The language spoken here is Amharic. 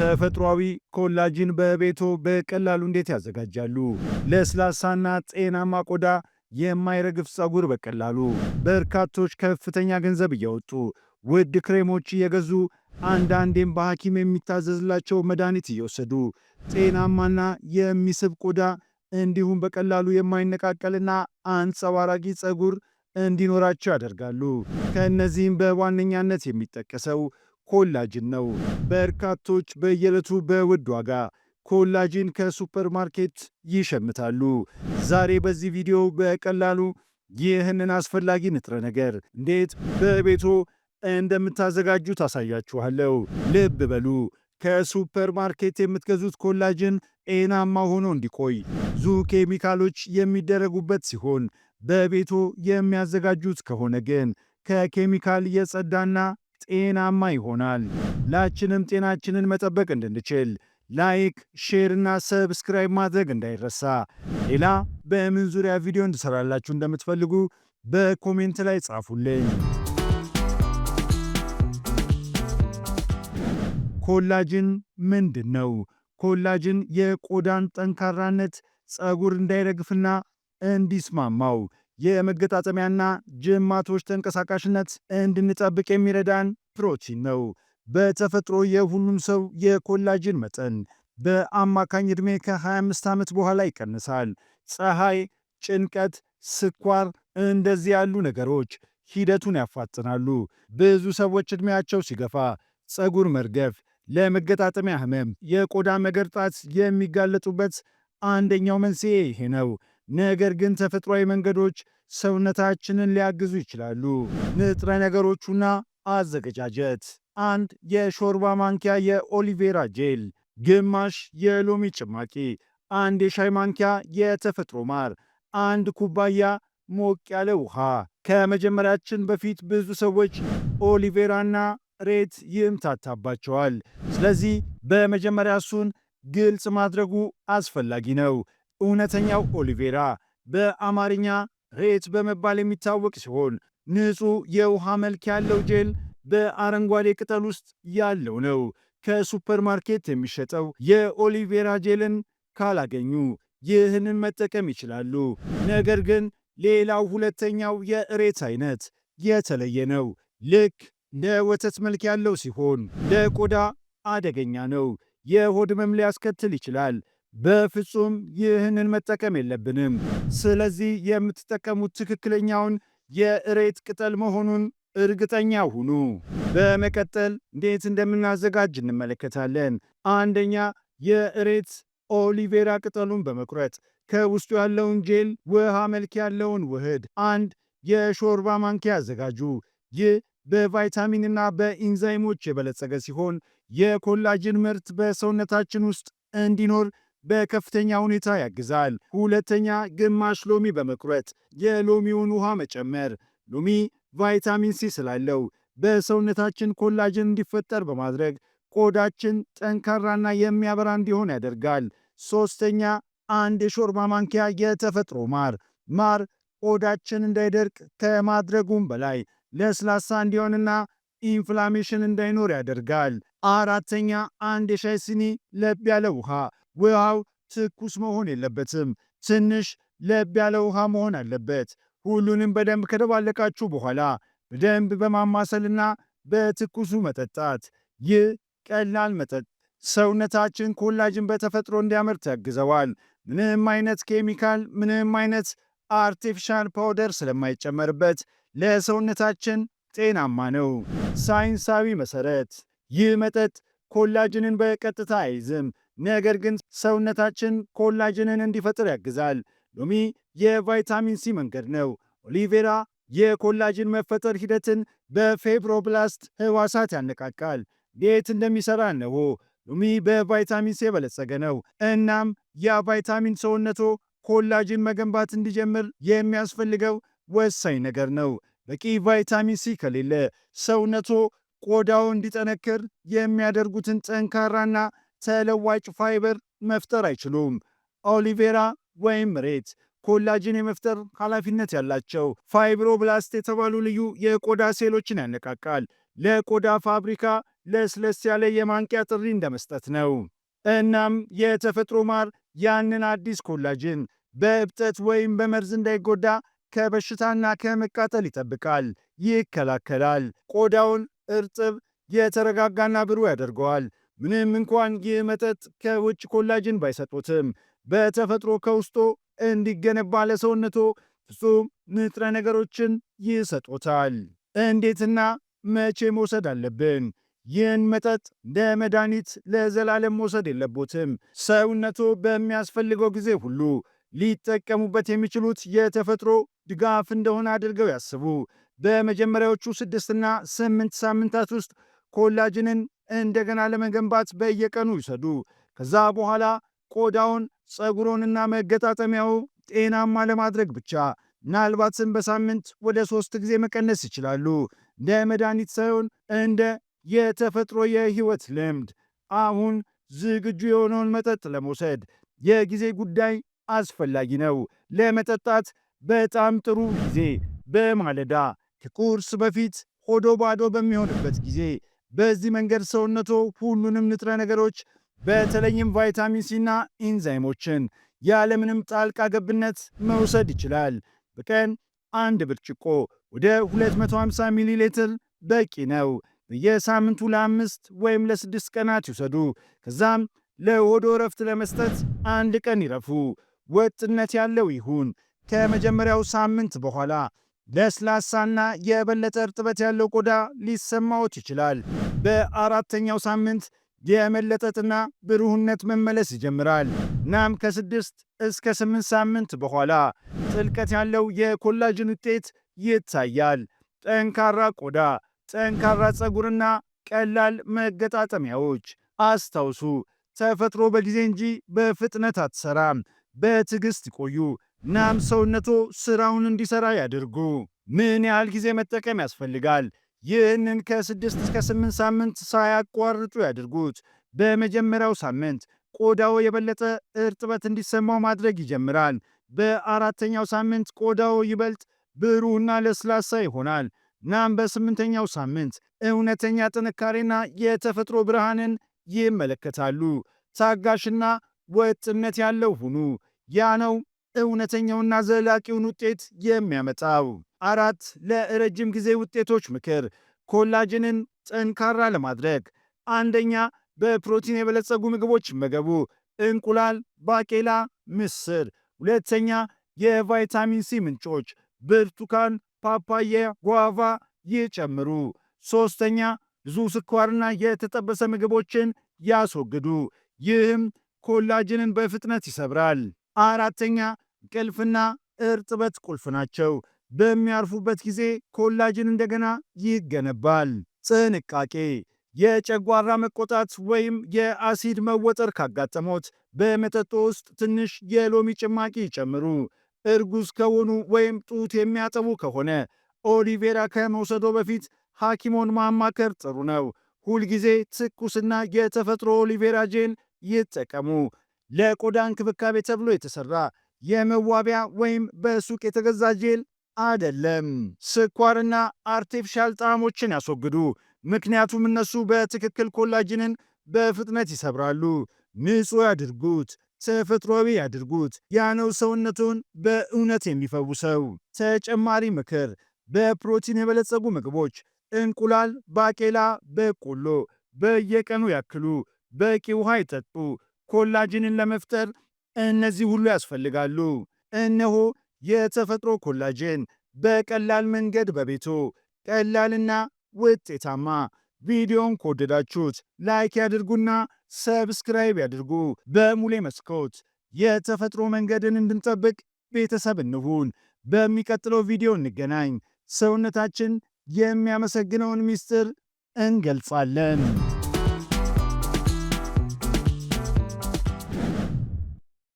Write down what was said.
ተፈጥሯዊ ኮላጅን በቤቶ በቀላሉ እንዴት ያዘጋጃሉ? ለስላሳና ጤናማ ቆዳ፣ የማይረግፍ ፀጉር በቀላሉ በርካቶች ከፍተኛ ገንዘብ እያወጡ ውድ ክሬሞች እየገዙ አንዳንዴም በሐኪም የሚታዘዝላቸው መድኃኒት እየወሰዱ ጤናማና የሚስብ ቆዳ እንዲሁም በቀላሉ የማይነቃቀልና አንጸባራቂ ፀጉር እንዲኖራቸው ያደርጋሉ። ከእነዚህም በዋነኛነት የሚጠቀሰው ኮላጅን ነው። በርካቶች በየዕለቱ በውድ ዋጋ ኮላጅን ከሱፐርማርኬት ይሸምታሉ። ዛሬ በዚህ ቪዲዮ በቀላሉ ይህንን አስፈላጊ ንጥረ ነገር እንዴት በቤቶ እንደምታዘጋጁ ታሳያችኋለሁ። ልብ በሉ ከሱፐርማርኬት የምትገዙት ኮላጅን ጤናማ ሆኖ እንዲቆይ ብዙ ኬሚካሎች የሚደረጉበት ሲሆን በቤቶ የሚያዘጋጁት ከሆነ ግን ከኬሚካል የጸዳና ጤናማ ይሆናል። ላችንም ጤናችንን መጠበቅ እንድንችል ላይክ፣ ሼር እና ሰብስክራይብ ማድረግ እንዳይረሳ። ሌላ በምን ዙሪያ ቪዲዮ እንድሰራላችሁ እንደምትፈልጉ በኮሜንት ላይ ጻፉልኝ። ኮላጅን ምንድን ነው? ኮላጅን የቆዳን ጠንካራነት፣ ጸጉር እንዳይረግፍና እንዲስማማው የመገጣጠሚያና ጅማቶች ተንቀሳቃሽነት እንድንጠብቅ የሚረዳን ፕሮቲን ነው። በተፈጥሮ የሁሉም ሰው የኮላጅን መጠን በአማካኝ ዕድሜ ከ25 ዓመት በኋላ ይቀንሳል። ፀሐይ፣ ጭንቀት፣ ስኳር እንደዚህ ያሉ ነገሮች ሂደቱን ያፋጥናሉ። ብዙ ሰዎች ዕድሜያቸው ሲገፋ ፀጉር መርገፍ፣ ለመገጣጠሚያ ህመም፣ የቆዳ መገርጣት የሚጋለጡበት አንደኛው መንስኤ ይሄ ነው። ነገር ግን ተፈጥሯዊ መንገዶች ሰውነታችንን ሊያግዙ ይችላሉ። ንጥረ ነገሮቹና አዘገጃጀት፣ አንድ የሾርባ ማንኪያ የኦሊቬራ ጄል፣ ግማሽ የሎሚ ጭማቂ፣ አንድ የሻይ ማንኪያ የተፈጥሮ ማር፣ አንድ ኩባያ ሞቅ ያለ ውሃ። ከመጀመሪያችን በፊት ብዙ ሰዎች ኦሊቬራና ሬት ይምታታባቸዋል። ስለዚህ በመጀመሪያ እሱን ግልጽ ማድረጉ አስፈላጊ ነው። እውነተኛው ኦሊቬራ በአማርኛ ሬት በመባል የሚታወቅ ሲሆን ንጹህ የውሃ መልክ ያለው ጄል በአረንጓዴ ቅጠል ውስጥ ያለው ነው። ከሱፐርማርኬት የሚሸጠው የኦሊቬራ ጄልን ካላገኙ ይህንን መጠቀም ይችላሉ። ነገር ግን ሌላው ሁለተኛው የእሬት አይነት የተለየ ነው። ልክ እንደ ወተት መልክ ያለው ሲሆን ለቆዳ አደገኛ ነው። የሆድ ህመም ሊያስከትል ይችላል። በፍጹም ይህንን መጠቀም የለብንም። ስለዚህ የምትጠቀሙት ትክክለኛውን የእሬት ቅጠል መሆኑን እርግጠኛ ሁኑ። በመቀጠል እንዴት እንደምናዘጋጅ እንመለከታለን። አንደኛ የእሬት ኦሊቬራ ቅጠሉን በመቁረጥ ከውስጡ ያለውን ጄል፣ ውሃ መልክ ያለውን ውህድ አንድ የሾርባ ማንኪያ አዘጋጁ። ይህ በቫይታሚንና በኢንዛይሞች የበለጸገ ሲሆን የኮላጅን ምርት በሰውነታችን ውስጥ እንዲኖር በከፍተኛ ሁኔታ ያግዛል። ሁለተኛ ግማሽ ሎሚ በመቁረጥ የሎሚውን ውሃ መጨመር። ሎሚ ቫይታሚን ሲ ስላለው በሰውነታችን ኮላጅን እንዲፈጠር በማድረግ ቆዳችን ጠንካራና የሚያበራ እንዲሆን ያደርጋል። ሶስተኛ አንድ የሾርባ ማንኪያ የተፈጥሮ ማር። ማር ቆዳችን እንዳይደርቅ ከማድረጉም በላይ ለስላሳ እንዲሆንና ኢንፍላሜሽን እንዳይኖር ያደርጋል። አራተኛ አንድ የሻይ ስኒ ለብ ያለ ውሃ ውሃው ትኩስ መሆን የለበትም። ትንሽ ለብ ያለ ውሃ መሆን አለበት። ሁሉንም በደንብ ከደባለቃችሁ በኋላ በደንብ በማማሰልና በትኩሱ መጠጣት። ይህ ቀላል መጠጥ ሰውነታችን ኮላጅን በተፈጥሮ እንዲያመርት ያግዘዋል። ምንም አይነት ኬሚካል፣ ምንም አይነት አርቲፊሻል ፓውደር ስለማይጨመርበት ለሰውነታችን ጤናማ ነው። ሳይንሳዊ መሰረት፣ ይህ መጠጥ ኮላጅንን በቀጥታ አይዝም ነገር ግን ሰውነታችን ኮላጅንን እንዲፈጥር ያግዛል። ሎሚ የቫይታሚን ሲ መንገድ ነው። ኦሊቬራ የኮላጅን መፈጠር ሂደትን በፌብሮብላስት ህዋሳት ያነቃቃል። እንዴት እንደሚሰራ እነሆ። ሎሚ በቫይታሚን ሲ የበለጸገ ነው። እናም ያ ቫይታሚን ሰውነቶ ኮላጅን መገንባት እንዲጀምር የሚያስፈልገው ወሳኝ ነገር ነው። በቂ ቫይታሚን ሲ ከሌለ ሰውነቶ ቆዳው እንዲጠነክር የሚያደርጉትን ጠንካራና ተለዋጭ ፋይበር መፍጠር አይችሉም። ኦሊቬራ ወይም ሬት ኮላጅን የመፍጠር ኃላፊነት ያላቸው ፋይብሮብላስት የተባሉ ልዩ የቆዳ ሴሎችን ያነቃቃል። ለቆዳ ፋብሪካ ለስለስ ያለ የማንቂያ ጥሪ እንደመስጠት ነው። እናም የተፈጥሮ ማር ያንን አዲስ ኮላጅን በእብጠት ወይም በመርዝ እንዳይጎዳ ከበሽታና ከመቃጠል ይጠብቃል፣ ይከላከላል። ቆዳውን እርጥብ የተረጋጋና ብሩህ ያደርገዋል። ምንም እንኳን ይህ መጠጥ ከውጭ ኮላጅን ባይሰጡትም በተፈጥሮ ከውስጦ እንዲገነባ ለሰውነቶ ፍጹም ንጥረ ነገሮችን ይሰጦታል። እንዴትና መቼ መውሰድ አለብን? ይህን መጠጥ እንደ ለዘላለም መውሰድ የለቦትም። ሰውነቶ በሚያስፈልገው ጊዜ ሁሉ ሊጠቀሙበት የሚችሉት የተፈጥሮ ድጋፍ እንደሆነ አድርገው ያስቡ። በመጀመሪያዎቹ ስድስትና ስምንት ሳምንታት ውስጥ ኮላጅንን እንደገና ለመገንባት በየቀኑ ይውሰዱ። ከዛ በኋላ ቆዳውን ጸጉሮንና መገጣጠሚያው ጤናማ ለማድረግ ብቻ ምናልባትም በሳምንት ወደ ሶስት ጊዜ መቀነስ ይችላሉ። እንደ መድኃኒት ሳይሆን እንደ የተፈጥሮ የህይወት ልምድ። አሁን ዝግጁ የሆነውን መጠጥ ለመውሰድ የጊዜ ጉዳይ አስፈላጊ ነው። ለመጠጣት በጣም ጥሩ ጊዜ በማለዳ ከቁርስ በፊት ሆዶ ባዶ በሚሆንበት ጊዜ በዚህ መንገድ ሰውነቶ ሁሉንም ንጥረ ነገሮች በተለይም ቫይታሚን ሲና ኢንዛይሞችን ያለምንም ጣልቃ ገብነት መውሰድ ይችላል። በቀን አንድ ብርጭቆ ወደ 250 ሚሊ ሊትር በቂ ነው። በየሳምንቱ ለአምስት ወይም ለስድስት ቀናት ይውሰዱ። ከዛም ለሆዶ እረፍት ለመስጠት አንድ ቀን ይረፉ። ወጥነት ያለው ይሁን ከመጀመሪያው ሳምንት በኋላ ለስላሳና የበለጠ እርጥበት ያለው ቆዳ ሊሰማዎት ይችላል። በአራተኛው ሳምንት የመለጠጥና ብሩህነት መመለስ ይጀምራል። ናም ከስድስት እስከ ስምንት ሳምንት በኋላ ጥልቀት ያለው የኮላጅን ውጤት ይታያል። ጠንካራ ቆዳ፣ ጠንካራ ፀጉርና ቀላል መገጣጠሚያዎች። አስታውሱ፣ ተፈጥሮ በጊዜ እንጂ በፍጥነት አትሰራም። በትዕግስት ይቆዩ። እናም ሰውነቶ ስራውን እንዲሰራ ያድርጉ። ምን ያህል ጊዜ መጠቀም ያስፈልጋል? ይህንን ከስድስት እስከ ስምንት ሳምንት ሳያቋርጡ ያድርጉት። በመጀመሪያው ሳምንት ቆዳው የበለጠ እርጥበት እንዲሰማው ማድረግ ይጀምራል። በአራተኛው ሳምንት ቆዳው ይበልጥ ብሩህና ለስላሳ ይሆናል። እናም በስምንተኛው ሳምንት እውነተኛ ጥንካሬና የተፈጥሮ ብርሃንን ይመለከታሉ። ታጋሽና ወጥነት ያለው ሁኑ። ያ ነው እውነተኛውና ዘላቂውን ውጤት የሚያመጣው። አራት ለረጅም ጊዜ ውጤቶች ምክር ኮላጅንን ጠንካራ ለማድረግ አንደኛ በፕሮቲን የበለጸጉ ምግቦች ይመገቡ፣ እንቁላል፣ ባቄላ፣ ምስር። ሁለተኛ የቫይታሚን ሲ ምንጮች ብርቱካን፣ ፓፓያ፣ ጓቫ ይጨምሩ። ሶስተኛ ብዙ ስኳርና የተጠበሰ ምግቦችን ያስወግዱ። ይህም ኮላጅንን በፍጥነት ይሰብራል። አራተኛ ቅልፍና እርጥበት ቁልፍ ናቸው። በሚያርፉበት ጊዜ ኮላጅን እንደገና ይገነባል። ጥንቃቄ የጨጓራ መቆጣት ወይም የአሲድ መወጠር ካጋጠሞት በመጠጦ ውስጥ ትንሽ የሎሚ ጭማቂ ይጨምሩ። እርጉዝ ከሆኑ ወይም ጡት የሚያጠቡ ከሆነ ኦሊቬራ ከመውሰዶ በፊት ሐኪሞን ማማከር ጥሩ ነው። ሁልጊዜ ትኩስና የተፈጥሮ ኦሊቬራ ጄል ይጠቀሙ። ለቆዳ እንክብካቤ ተብሎ የተሰራ የመዋቢያ ወይም በሱቅ የተገዛ ጄል አይደለም። ስኳርና አርቴፊሻል ጣዕሞችን ያስወግዱ፣ ምክንያቱም እነሱ በትክክል ኮላጅንን በፍጥነት ይሰብራሉ። ንጹህ ያድርጉት፣ ተፈጥሯዊ ያድርጉት። ያነው ሰውነቱን በእውነት የሚፈውሰው። ተጨማሪ ምክር፣ በፕሮቲን የበለጸጉ ምግቦች እንቁላል፣ ባቄላ፣ በቆሎ በየቀኑ ያክሉ። በቂ ውሃ ይጠጡ። ኮላጅንን ለመፍጠር እነዚህ ሁሉ ያስፈልጋሉ። እነሆ የተፈጥሮ ኮላጅን በቀላል መንገድ በቤቶ ቀላልና ውጤታማ። ቪዲዮን ከወደዳችሁት ላይክ ያድርጉና ሰብስክራይብ ያድርጉ። በሙሌ መስኮት የተፈጥሮ መንገድን እንድንጠብቅ ቤተሰብ እንሁን። በሚቀጥለው ቪዲዮ እንገናኝ። ሰውነታችን የሚያመሰግነውን ምስጢር እንገልጻለን።